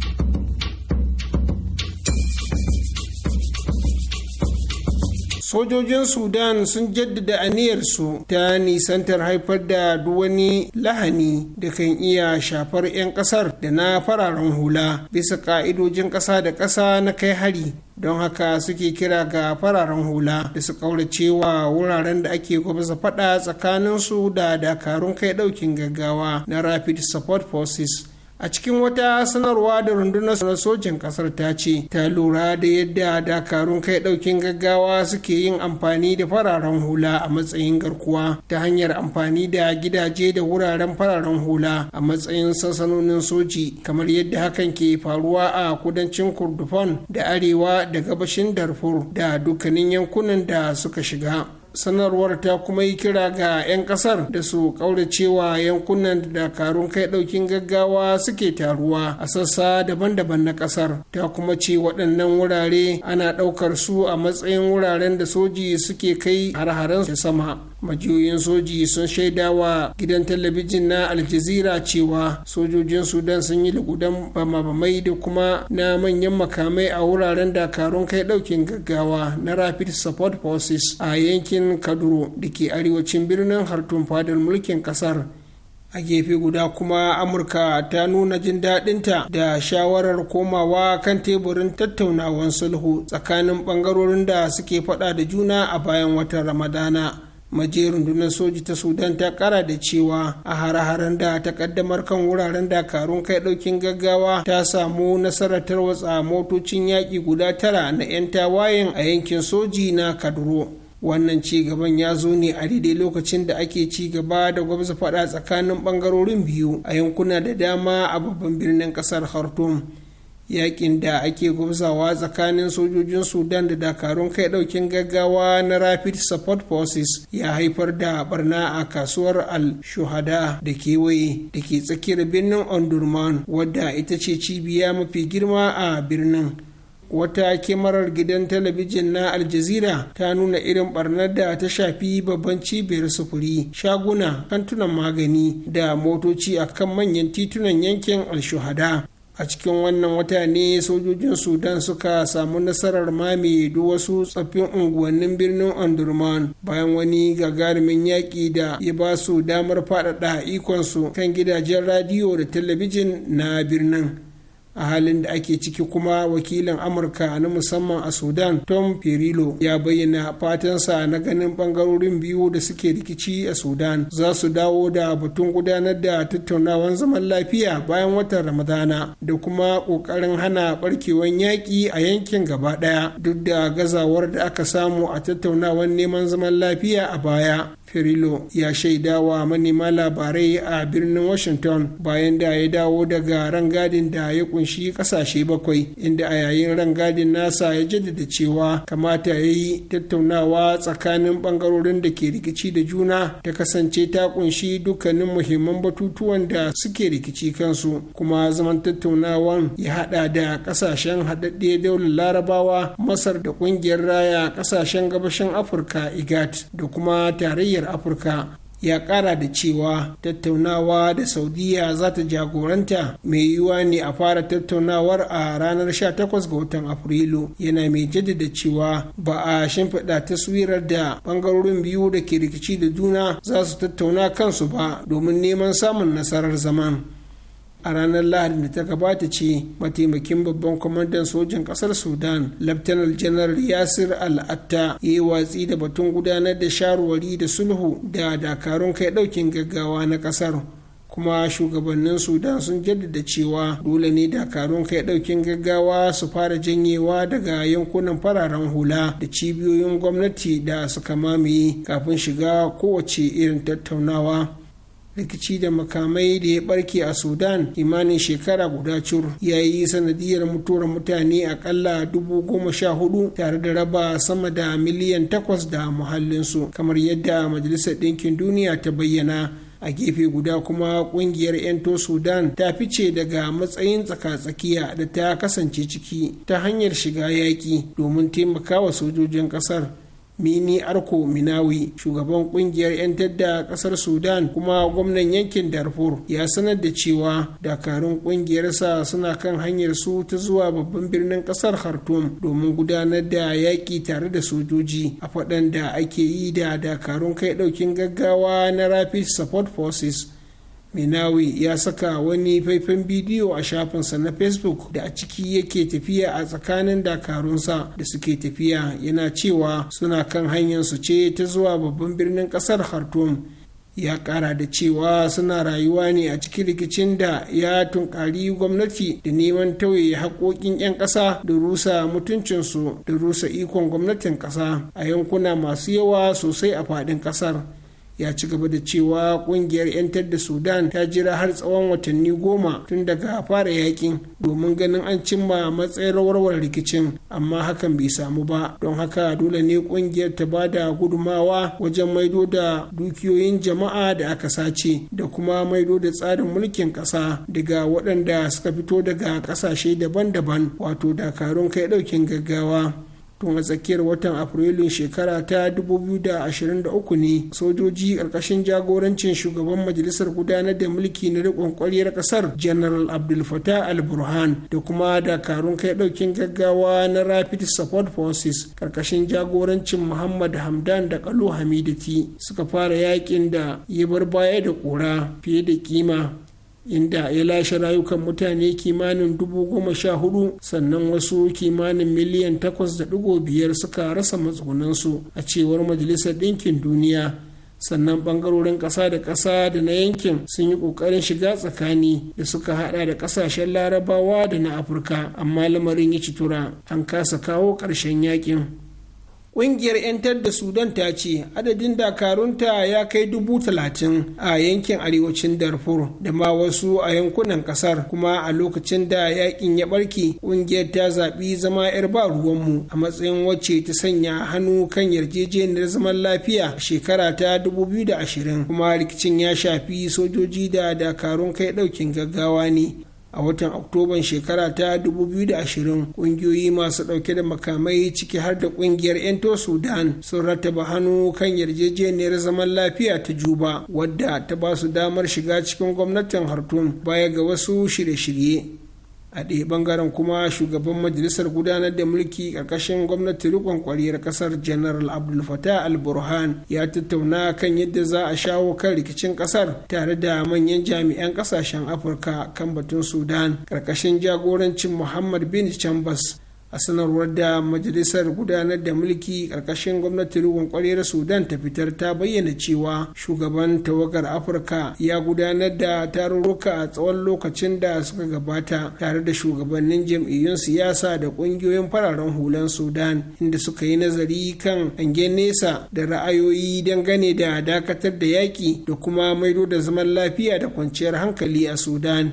sojojin sudan sun jaddada su ta nisantar haifar da wani lahani da kan iya shafar 'yan kasar da na fararen hula bisa ka'idojin kasa da kasa na kai hari don haka suke kira ga fararen hula da su kauracewa wuraren da ake gwamza faɗa su da dakarun kai ɗaukin gaggawa na rapid support forces a cikin wata sanarwa da rundunar sojin kasar ta ce ta lura da yadda dakarun kai daukin gaggawa suke yin amfani da fararen hula a matsayin garkuwa ta hanyar amfani da gidaje da wuraren fararen hula a matsayin sansanonin soji kamar yadda hakan ke faruwa a kudancin kurdufan da arewa da gabashin darfur da dukkanin yankunan da suka shiga sanarwar ta kuma yi kira ga 'yan kasar da su kauracewa yankunan da dakarun kai daukin gaggawa suke taruwa a sassa daban-daban na kasar ta kuma ce waɗannan wurare ana ɗaukar su a matsayin wuraren da soji suke kai har-haren sama majiyoyin soji sun shaida wa gidan talabijin na aljazira cewa sojojin sudan sun yi lugudan bama-bamai da kuma na manyan makamai a wuraren dakarun kai daukin gaggawa na rapid support forces a yankin kaduro da ke arewacin birnin hartun fadar mulkin kasar a gefe guda kuma amurka ta nuna jin daɗinta da shawarar komawa kan teburin tattaunawan sulhu tsakanin ɓangarorin da suke faɗa da juna a bayan watan ramadana maje rundunar soji ta sudan ta kara da cewa a hare-haren da ta kaddamar kan wuraren dakarun kai daukin gaggawa ta samu nasarar tarwatsa motocin yaƙi guda tara na 'yan tawayen a yankin soji na kaduro wannan ci gaban ya zo ne a daidai lokacin da ake ci gaba da gwamza faɗa tsakanin ɓangarorin biyu a yankuna da dama a babban birnin ƙasar khartoum yakin da ake gwamzawa tsakanin sojojin sudan da dakarun kai daukin gaggawa na rapid support forces ya haifar da barna a kasuwar al-shuhada da kewaye da ke tsakiyar birnin ondurman wadda ita ce cibiya mafi girma a birnin wata kimarar gidan talabijin na aljazira ta nuna irin barnar da ta shafi babban cibiyar sufuri shaguna kantunan magani da motoci akan manyan titunan yankin alshuhada a cikin wannan wata ne sojojin sudan suka samu nasarar mame duk wasu tsaffin unguwannin birnin andurman bayan wani gagarumin yaƙi da ya ba su damar faɗaɗa ikonsu kan gidajen radiyo da talabijin na birnin a halin da ake ciki kuma wakilin amurka na musamman a sudan tom perillo ya bayyana fatansa na ganin bangarorin biyu da suke rikici a sudan za su dawo da batun gudanar da tattaunawan zaman lafiya bayan watan ramadana da kuma kokarin hana barkewan yaƙi a yankin gaba ɗaya duk da gazawar da aka samu a tattaunawan neman zaman lafiya a baya Perillo ya shaidawa manema labarai a birnin Washington bayan da ya dawo daga rangadin da ya kunshi kasashe bakwai inda a yayin rangadin nasa ya jaddada cewa kamata ya yi tattaunawa tsakanin bangarorin da ke rikici da juna ta kasance ta kunshi dukkanin muhimman batutuwan da suke rikici kansu kuma zaman tattaunawan ya hada da kasashen haɗaɗɗe daular larabawa masar da kungiyar raya kasashen gabashin afirka igat da kuma tarayyar nahiyar afirka ya kara da cewa tattaunawa da saudiya za ta jagoranta mai yiwuwa ne a fara tattaunawar a ranar 18 ga watan afrilu yana mai jaddada cewa ba a shimfiɗa taswirar da ɓangarorin biyu da ke rikici da juna za su tattauna kansu ba domin neman samun nasarar zaman a ranar lahadi da ta gabata ce mataimakin babban kwamandan sojan kasar sudan laftanar janar yasir al'atta ya yi watsi da batun gudanar da shawarwari da sulhu da dakarun kai daukin gaggawa na kasar kuma shugabannin sudan sun jaddada cewa dole ne dakarun kai daukin gaggawa su fara janyewa daga yankunan fararen hula da cibiyoyin gwamnati da suka mamaye kafin shiga kowace irin tattaunawa rikici da makamai da ya barke a sudan imanin shekara guda cur ya yi sanadiyar mutuwar mutane akalla dubu goma sha hudu tare da raba sama da miliyan takwas da muhallinsu kamar yadda majalisar ɗinkin duniya ta bayyana a gefe guda kuma kungiyar 'yanto sudan ta fice daga matsayin tsaka-tsakiya da ta kasance ciki ta hanyar shiga yaƙi domin taimakawa sojojin ƙasar mini arko minawi shugaban kungiyar 'yan tadda kasar sudan kuma gwamnan yankin darfur ya sanar da cewa dakarun kungiyarsa suna kan hanyar su ta zuwa babban birnin kasar khartoum domin gudanar da yaƙi tare da sojoji a faɗan da ake yi da dakarun kai ɗaukin gaggawa na rapid support forces minawi ya saka wani faifan bidiyo a shafinsa na facebook da a ciki yake tafiya a tsakanin dakarunsa da suke tafiya yana cewa suna kan hanyar su ce ta zuwa babban birnin kasar khartoum ya kara da cewa suna rayuwa ne a cikin rikicin da ya tunkari gwamnati da neman tauye haƙoƙin 'yan ƙasa da rusa mutuncinsu da rusa ikon gwamnatin ƙasa a yankuna masu yawa sosai a faɗin ƙasar ya ci gaba da cewa kungiyar 'yantar da sudan ta jira har tsawon watanni goma tun daga fara yakin domin ganin an cimma matsayin rawarwar rikicin amma hakan bai samu ba don haka dole ne kungiyar ta ba da gudumawa wajen maido da dukiyoyin jama'a da aka sace da kuma maido da tsarin mulkin ƙasa daga waɗanda suka fito daga ƙasashe daban-daban wato dakarun kai ɗaukin gaggawa tun a tsakiyar watan afrilun shekara ta 2023 ne sojoji ƙarƙashin jagorancin shugaban majalisar gudanar da mulki na riƙon ƙwaryar ƙasar general abdul fatah al burhan da kuma dakarun kai ɗaukin gaggawa na rapid support forces ƙarƙashin jagorancin muhammad hamdan da kalu hamidati suka fara yakin da ya bar baya da ƙura fiye da kima inda ya lashe rayukan mutane kimanin dubu goma sha hudu sannan wasu kimanin miliyan takwas da digo biyar suka rasa matsugunansu a cewar majalisar ɗinkin duniya sannan bangarorin ƙasa da ƙasa da na yankin sun yi ƙoƙarin shiga tsakani da suka haɗa da ƙasashen larabawa da na afirka amma lamarin ya tura an kasa kawo ƙarshen yakin Ƙungiyar 'yantar da Sudan ta ce adadin dakarunta ya kai dubu talatin a yankin arewacin Darfur da ma wasu a yankunan ƙasar kuma a lokacin da yakin ya barke ƙungiyar ta zaɓi zama 'yar ba ruwanmu a matsayin wacce ta sanya hannu kan yarjejeniyar zaman lafiya shekara ta 2020 kuma rikicin ya shafi sojoji da dakarun kai ɗaukin gaggawa ne a watan oktoban shekara ta 2020 kungiyoyi masu dauke da makamai ciki har da kungiyar ento sudan sun rattaba hannu kan yarjejeniyar zaman lafiya ta juba wadda ta ba su damar shiga cikin gwamnatin hartum baya ga wasu shirye-shirye a ɗaya bangaren kuma shugaban majalisar gudanar da mulki ƙarƙashin gwamnati rikon ƙwariyar ƙasar general abdul fatah al-burhan ya tattauna kan yadda za a shawo kan rikicin ƙasar tare da manyan jami'an ƙasashen afirka kan batun sudan ƙarƙashin jagorancin muhammad bin chambers a sanarwar da majalisar gudanar da mulki ƙarƙashin gwamnatin ruwan kwarewar sudan ta fitar ta bayyana cewa shugaban tawagar afirka ya gudanar da tarurruka a tsawon lokacin da suka gabata tare da shugabannin jam'iyyun siyasa da ƙungiyoyin fararen hulan sudan inda suka yi nazari kan hangen nesa da ra'ayoyi dangane da dakatar da yaƙi da kuma maido da zaman lafiya da kwanciyar hankali a sudan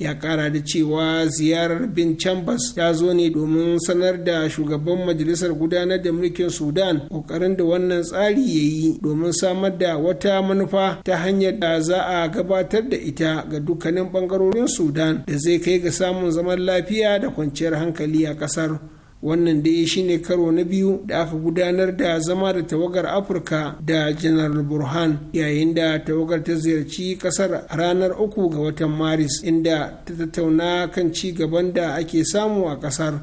ya kara da cewa ziyarar bin chambers ta zo ne domin sanar da shugaban majalisar gudanar da mulkin sudan kokarin da wannan tsari ya yi domin samar da wata manufa ta hanyar da za a gabatar da ita ga dukkanin bangarorin sudan da zai kai ga samun zaman lafiya da kwanciyar hankali a ƙasar. wannan dai shine karo na biyu da aka gudanar da zama da tawagar afirka da janar burhan yayin da tawagar ta ziyarci kasar ranar uku ga watan maris inda ta tattauna kan ci gaban da ake samu a kasar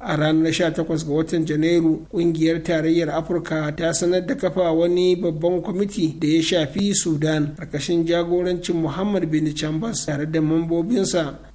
a ranar 18 ga watan janairu kungiyar tarayyar afirka ta sanar da kafa wani babban kwamiti da ya shafi sudan karkashin jagorancin muhammad bin chambers tare da mambobinsa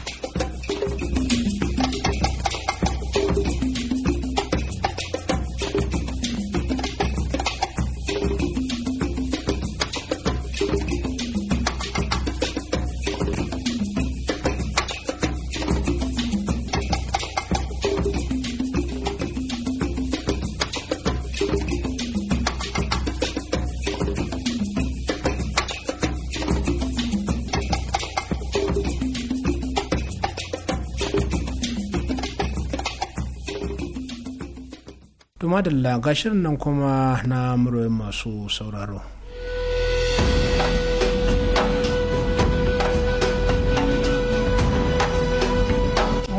madalla shirin nan kuma na muryoyin masu sauraro.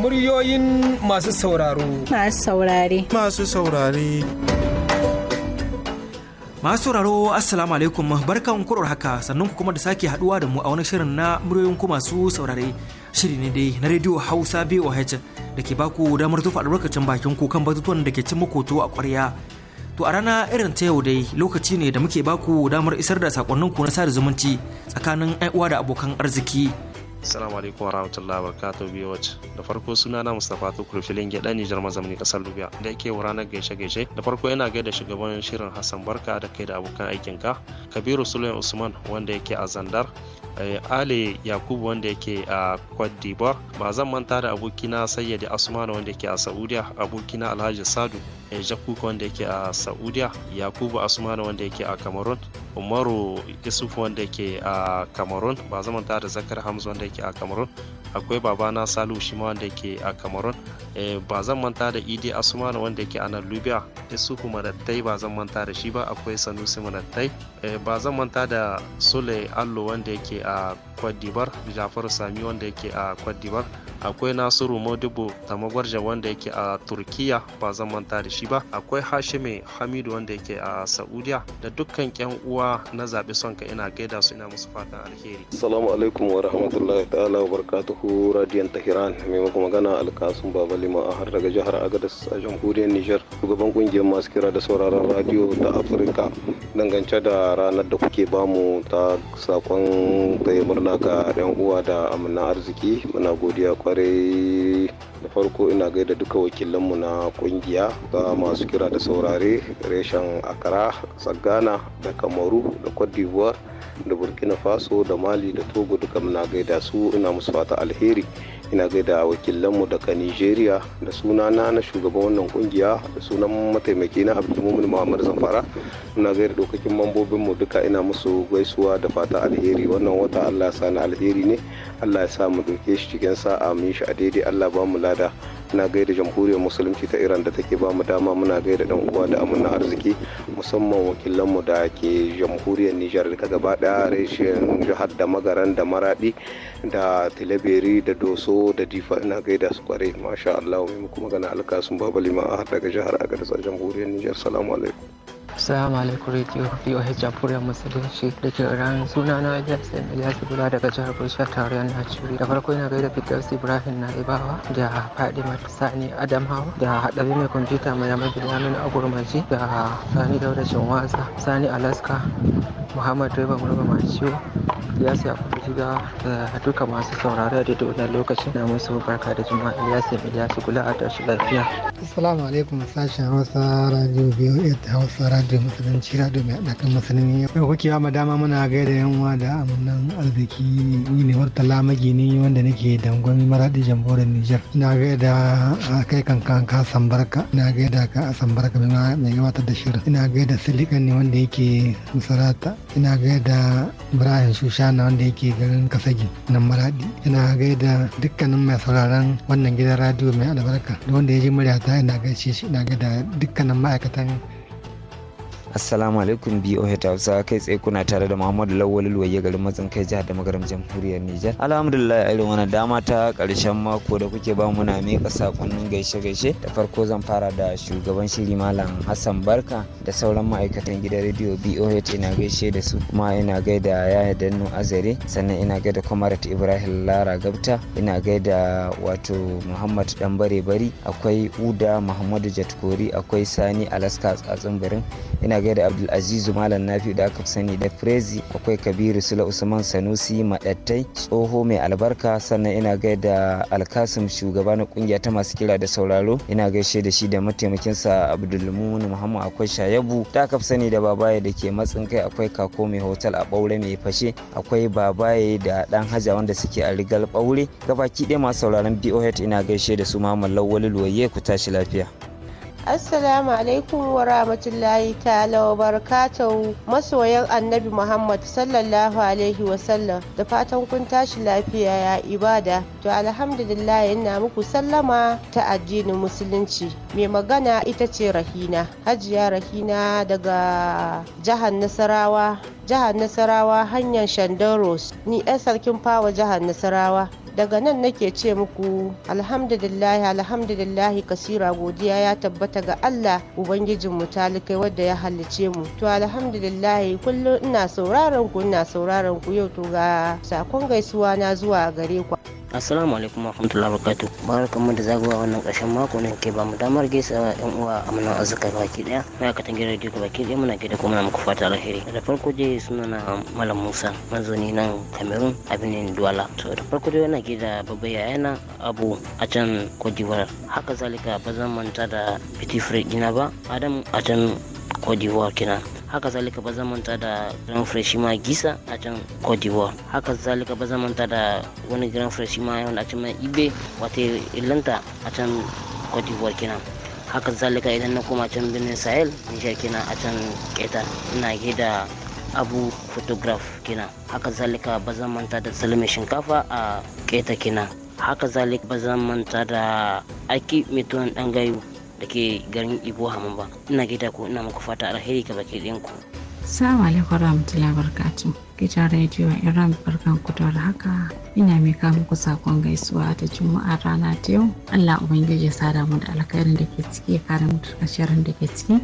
Muryoyin masu sauraro. Masu saurare. Masu saurare. Masu sauraro Assalamu alaikum barkan kurar haka sannan kuma da sake haduwa da mu a wani shirin na muryoyin ku masu saurare shiri ne dai na rediyo Hausa BOH da ke baku damar tufa albarkacin bakin ku kan batutuwan da ke cin makoto a ƙwarya. To a rana irin ta yau dai lokaci ne da muke baku damar isar da ku na sada zumunci tsakanin uwa da abokan arziki. Assalamu alaikum warahmatullahi wabarakatuh biyo wacce da farko suna na Mustapha Tukur filin gyaɗa Nijar mazamni ƙasar lubiya da yake ranar gaishe-gaishe da farko yana gaida shugaban shirin Hassan Barka da kai da abokan aikinka Kabiru Suleiman Usman wanda yake a Zandar Eh, Ali yakubu wanda yake a cote d'ivoire ba zan manta da abokina sayyadi asmana wanda yake a saudiya abokina alhaji sadu eh, jakuka wanda yake a saudiya yakubu asmana wanda yake a cameroon umaru yusuf wanda yake a cameroon ba zan manta da zakar hamza wanda yake a cameroon akwai babana salu shi ma wanda ke a cameroon eh, ba zan manta da idi asumana wanda ke a nan libya isuhu manattai ba zan manta da shi ba akwai sanusi manattai eh, ba zan manta da sule allo wanda ke a kwadibar d'ivoire jafar sami wanda yake a cote akwai nasiru modibo tamagwarja wanda yake a turkiya ba zan manta da shi ba akwai hashime hamidu wanda yake a saudiya da dukkan yan uwa na zaɓi son ka ina gaida su ina musu fatan alheri assalamu alaikum wa rahmatullahi ta'ala wa barakatuhu radiyan tahiran mai muku magana alkasun baba lima a har daga jihar agadas a jamhuriyar niger shugaban kungiyar masu kira da sauraron radiyo ta afirka dangance da ranar da kuke bamu ta sakon taimur naka yan uwa da amina arziki muna godiya kwarai da farko ina gaida duka wakilanmu na kungiya ga masu kira da saurare reshen akara sagana da kamaru da cote d'ivoire da burkina faso da mali da togo duka muna gaida su ina musu fata alheri ina gaida wakilanmu daga nigeria da sunana na shugaban wannan kungiya da sunan mataimaki na abdulmumin muhammad zamfara ina gaida mambobin mambobinmu duka ina musu gaisuwa da fata alheri wannan wata allah ya sa na alheri ne allah ya sa mu doke shi cikin sa'a mu yi shi a daidai allah ba mu lada ina gaida jamhuriyar musulunci ta iran da take ba mu dama muna gaida dan uwa da amina arziki musamman wakilan mu da ke jamhuriyar nijar da gaba daya reshen jihar da magaran da maradi da tilaberi da doso da difa ina gaida su kware masha allah mai muku magana alkasun babalima a daga jihar agadis a jamhuriyar nijar salamu alaikum Assalamu alaikum Radio VOH Jamhuriyar Musulunci da ke ran suna na Ya Ilyas Bula daga jihar Bauchi tarayyar Najeriya. Da farko ina gaida Firdausi Ibrahim Naibawa da Fadima Sani Adamawa da Hadabi mai kwamfuta mai yamma Bilyamin Agurmaji da Sani Dauda Shinwasa Sani Alaska Muhammad Direba Murba Maciwo ya sa shiga da duka masu saurari a daidai wannan lokacin na musu barka da juma'a Ilyas Ilyas Gula a tashi lafiya. Assalamu alaikum sashen Hausa Radio VOH Hausa radio musulunci radio mai haɗa kan musulmi yau kuke ba dama muna gaida yan uwa da amunan arziki ni ne lamagi ne wanda nake dangwami maradi jamhuriyar nijar ina gaida kai kankan ka sambarka ina gaida ka sambarka mai gabatar da shirin ina gaida silikan ne wanda yake musarata ina gaida ibrahim shushana wanda yake garin kasagi nan maradi ina gaida dukkanin mai sauraron wannan gidan radio mai albarka da wanda ya ji ta ina gaishe shi ina gaida dukkanin ma'aikatan assalamu alaikum hausa kai tsaye kuna tare da muhammadu lawal luwaye garin matsin kai jihar da magaram jamhuriyar nijar alhamdulillah irin wani dama ta karshen mako da kuke ba muna miƙa sakonnin gaishe gaishe da farko zan fara da shugaban shiri malam hassan barka da sauran ma'aikatan gidan rediyo boh ina gaishe da su kuma ina gaida yaya dannu azare sannan ina gaida kwamarat ibrahim lara gabta ina gaida wato muhammad dan bari akwai uda muhammadu jatkori akwai sani alaska tsatsin birin ina gaida abdulaziz malam nafi'u da aka sani da Frezi akwai kabiru sula usman sanusi madattai tsoho mai albarka sannan ina gaida alkasim shugaba na kungiya ta masu kira da sauraro ina gaishe da shi da mataimakin sa abdulmumin muhammad akwai shayabu da aka sani da babaye da ke matsin kai akwai kako mai hotel a baure mai fashe akwai babaye da dan haja wanda suke a rigar baure gabaki ɗaya masu sauraron boh ina gaishe da su muhammad lawali Waye ku tashi lafiya. Assalamu alaikum wa rahmatullahi ta'ala wa barakatuhu masoyan annabi Muhammad sallallahu alaihi wa sallam da fatan kun tashi lafiya ya ibada to alhamdulillah ina muku sallama ta addinin musulunci mai magana ita ce Rahina Hajiya Rahina daga jihar Nasarawa jihar nasarawa hanyar shandoros ni 'yan sarkin fawa jihar nasarawa daga nan nake ce muku alhamdulillahi alhamdulillahi kasira godiya ya tabbata ga Allah ubangijin mu talikai wadda ya halice mu to alhamdulillahi kullum ina sauraron ku ina sauraron ku yau to ga sakon gaisuwa na zuwa gare ku assalamu alaikum warahmatullahi wabarakatuh barkamu da zagawa wannan ƙarshen mako ne ke ba mu damar gaisa yan uwa a mana azuka baki daya na ka tangira radio baki daya muna gida kuma muku fata alheri da farko je suna na malam Musa manzoni nan Cameroon abin Duwala to da farko dai wannan gida babba yayana Abu a can kodiwar haka zalika ba zan manta da Petit Frère ba Adam a can kodiwar kina haka zalika ba manta da grand fresh ma gisa a can cote d'ivoire haka zalika ba manta da wani grand fresh ma yawan a can mai ibe wata ilanta a can cote d'ivoire kenan haka zalika idan na koma can birnin sahel nijar kenan a can keta ina da abu photograph kenan haka zalika ba manta da salome shinkafa a keta kenan haka zalika ba manta da aki mituwan dan gayu da ke garin ibo haman ba ina gida ko ina muku fata alheri ga baki ɗayan ku salamu alaikum barkatu Gidan rediyo Iran barkan ku da haka ina mika muku sakon gaisuwa ta Juma'a rana ta yau. Allah Ubangiji ya sada mu da alkhairin da ke ciki ya kare mu da shirin da ke ciki.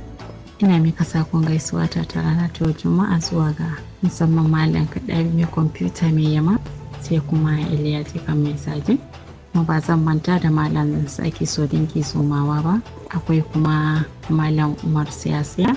Ina mika sakon gaisuwa ta ta rana ta yau Juma'a zuwa ga musamman malam kaɗari mai kwamfuta mai yama sai kuma Iliya Jika mai sajin. Kuma ba zan manta da malam sake so dinki somawa ba. akwai kuma malam umar siyasiya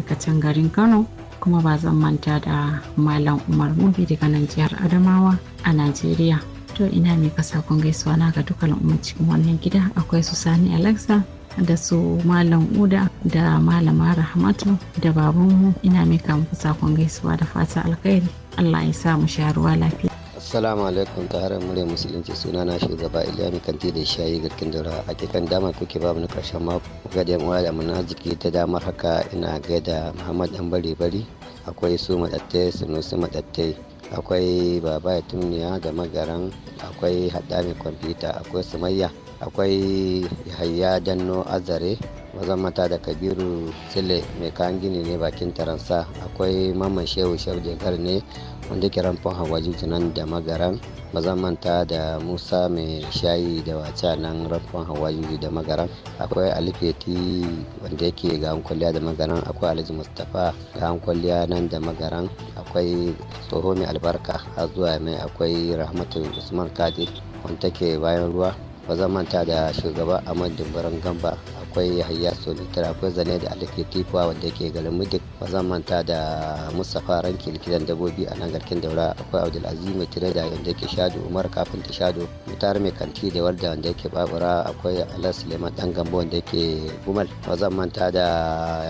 daga can garin kano kuma ba zan manta da malam umar mubi daga nan jihar adamawa a najeriya to ina mai kasa kun gaisuwa na ga dukkan umar cikin wannan gida akwai su sani alexa da su malam uda da malama rahmatu da babanmu ina mai kamu kun gaisuwa da fata alkhairi allah ya sa mu sha ruwa lafiya Assalamu alaikum harin murya musulunci suna na shugaba Iliya mai kanti da shayi garkin daura a kikan dama kuke ba na karshen mako ga da yamuwa da jiki ta damar haka ina gaida Muhammad dan bari bari akwai su su sanusi madattai akwai baba ya tumniya da magaran akwai hada mai kwamfuta akwai sumayya akwai yahaya danno azare bazan manta da kabiru sile mai kayan gini ne bakin taransa akwai mamman shehu shehu jegar ne wanda ke ramfon hawajuji nan da magaran bazan manta da musa mai shayi da wata nan ramfon hawajuji da magaran akwai alifeti wanda yake ga kwalliya da magaran akwai alhaji mustapha ga kwalliya nan da magaran akwai tsoho mai albarka har zuwa mai akwai rahmatu usman kadir wanda ke bayan ruwa bazan manta da shugaba ahmad dumbaran gamba akwai yahaya solitara akwai zane da alake tifuwa wanda yake garin mudik ba zan manta da mustapha ranki likitan dabobi a nan garkin daura akwai aziz mai tire da wanda yake shado umar kafin ta shado mutar mai kanti da warda wanda yake babura akwai alas suleiman dan gambo wanda yake gumal ba zan manta da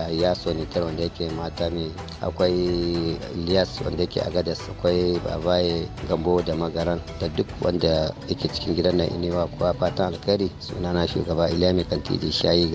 yahaya solitara wanda yake mata mai akwai ilyas wanda yake agadas akwai babaye gambo da magaran da duk wanda yake cikin gidan nan inewa kuwa fatan alkhairi sunana shugaba ilya mai kanti da shayi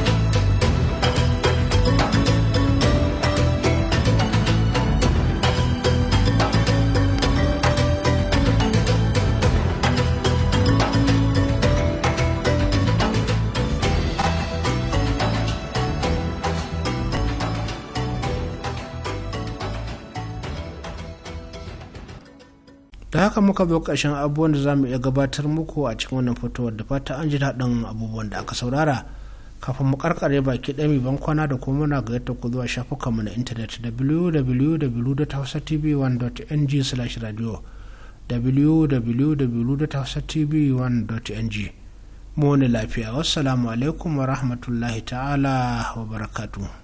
da haka muka bi ƙarshen abubuwan da za mu iya gabatar muku a cikin wannan fitowar da fata an ji daɗin abubuwan da aka saurara kafin mu karkare baki ɗami ban kwana da kuma muna ga yadda ku zuwa shafukanmu na intanet www.hausatv1.ng slash radio www.hausatv1.ng mu wani lafiya wassalamu alaikum wa rahmatullahi ta'ala wa barakatuhu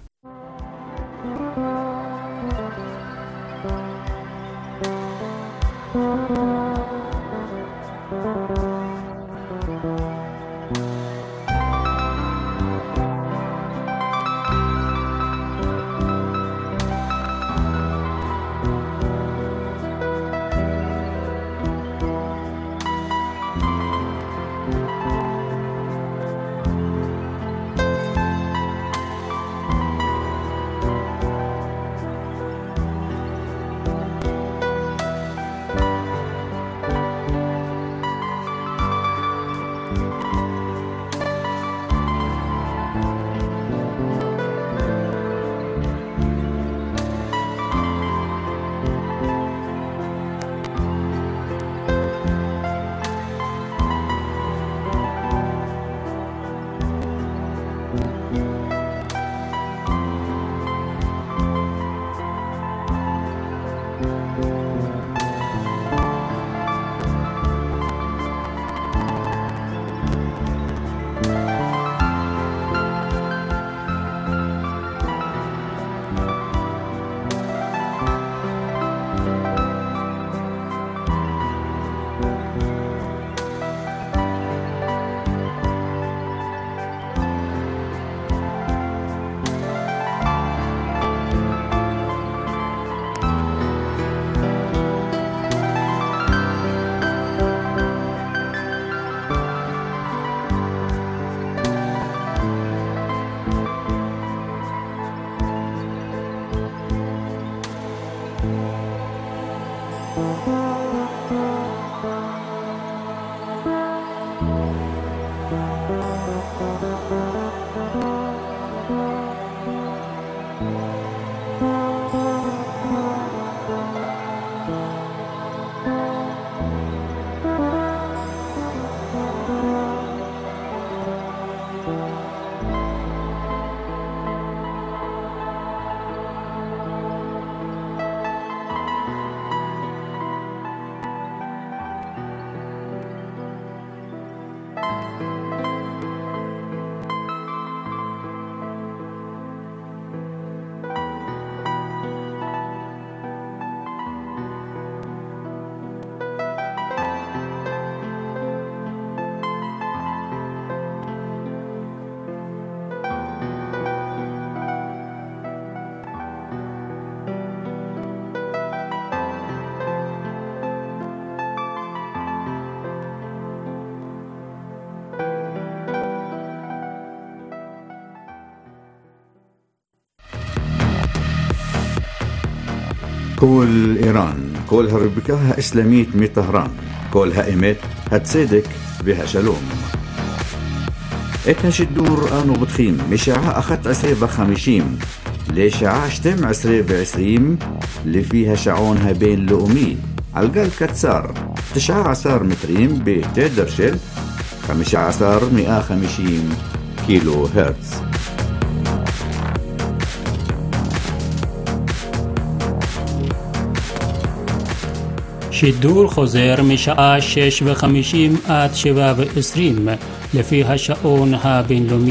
Música كل إيران كلها ربكاها إسلاميت مي طهران كلها إيمت هتصدق بها شلوم إتنش الدور آنو بتخيم مشاعة أخت عسري خمشيم ليش شتم عسري بعسريم اللي فيها شعونها بين لؤمي عالقال كتسار تشعة عسار متريم بتدرشل خمشة عسار مئة خمشيم كيلو هرتز שידור חוזר משעה 6:50 עד 7:20 לפי השעון הבינלאומי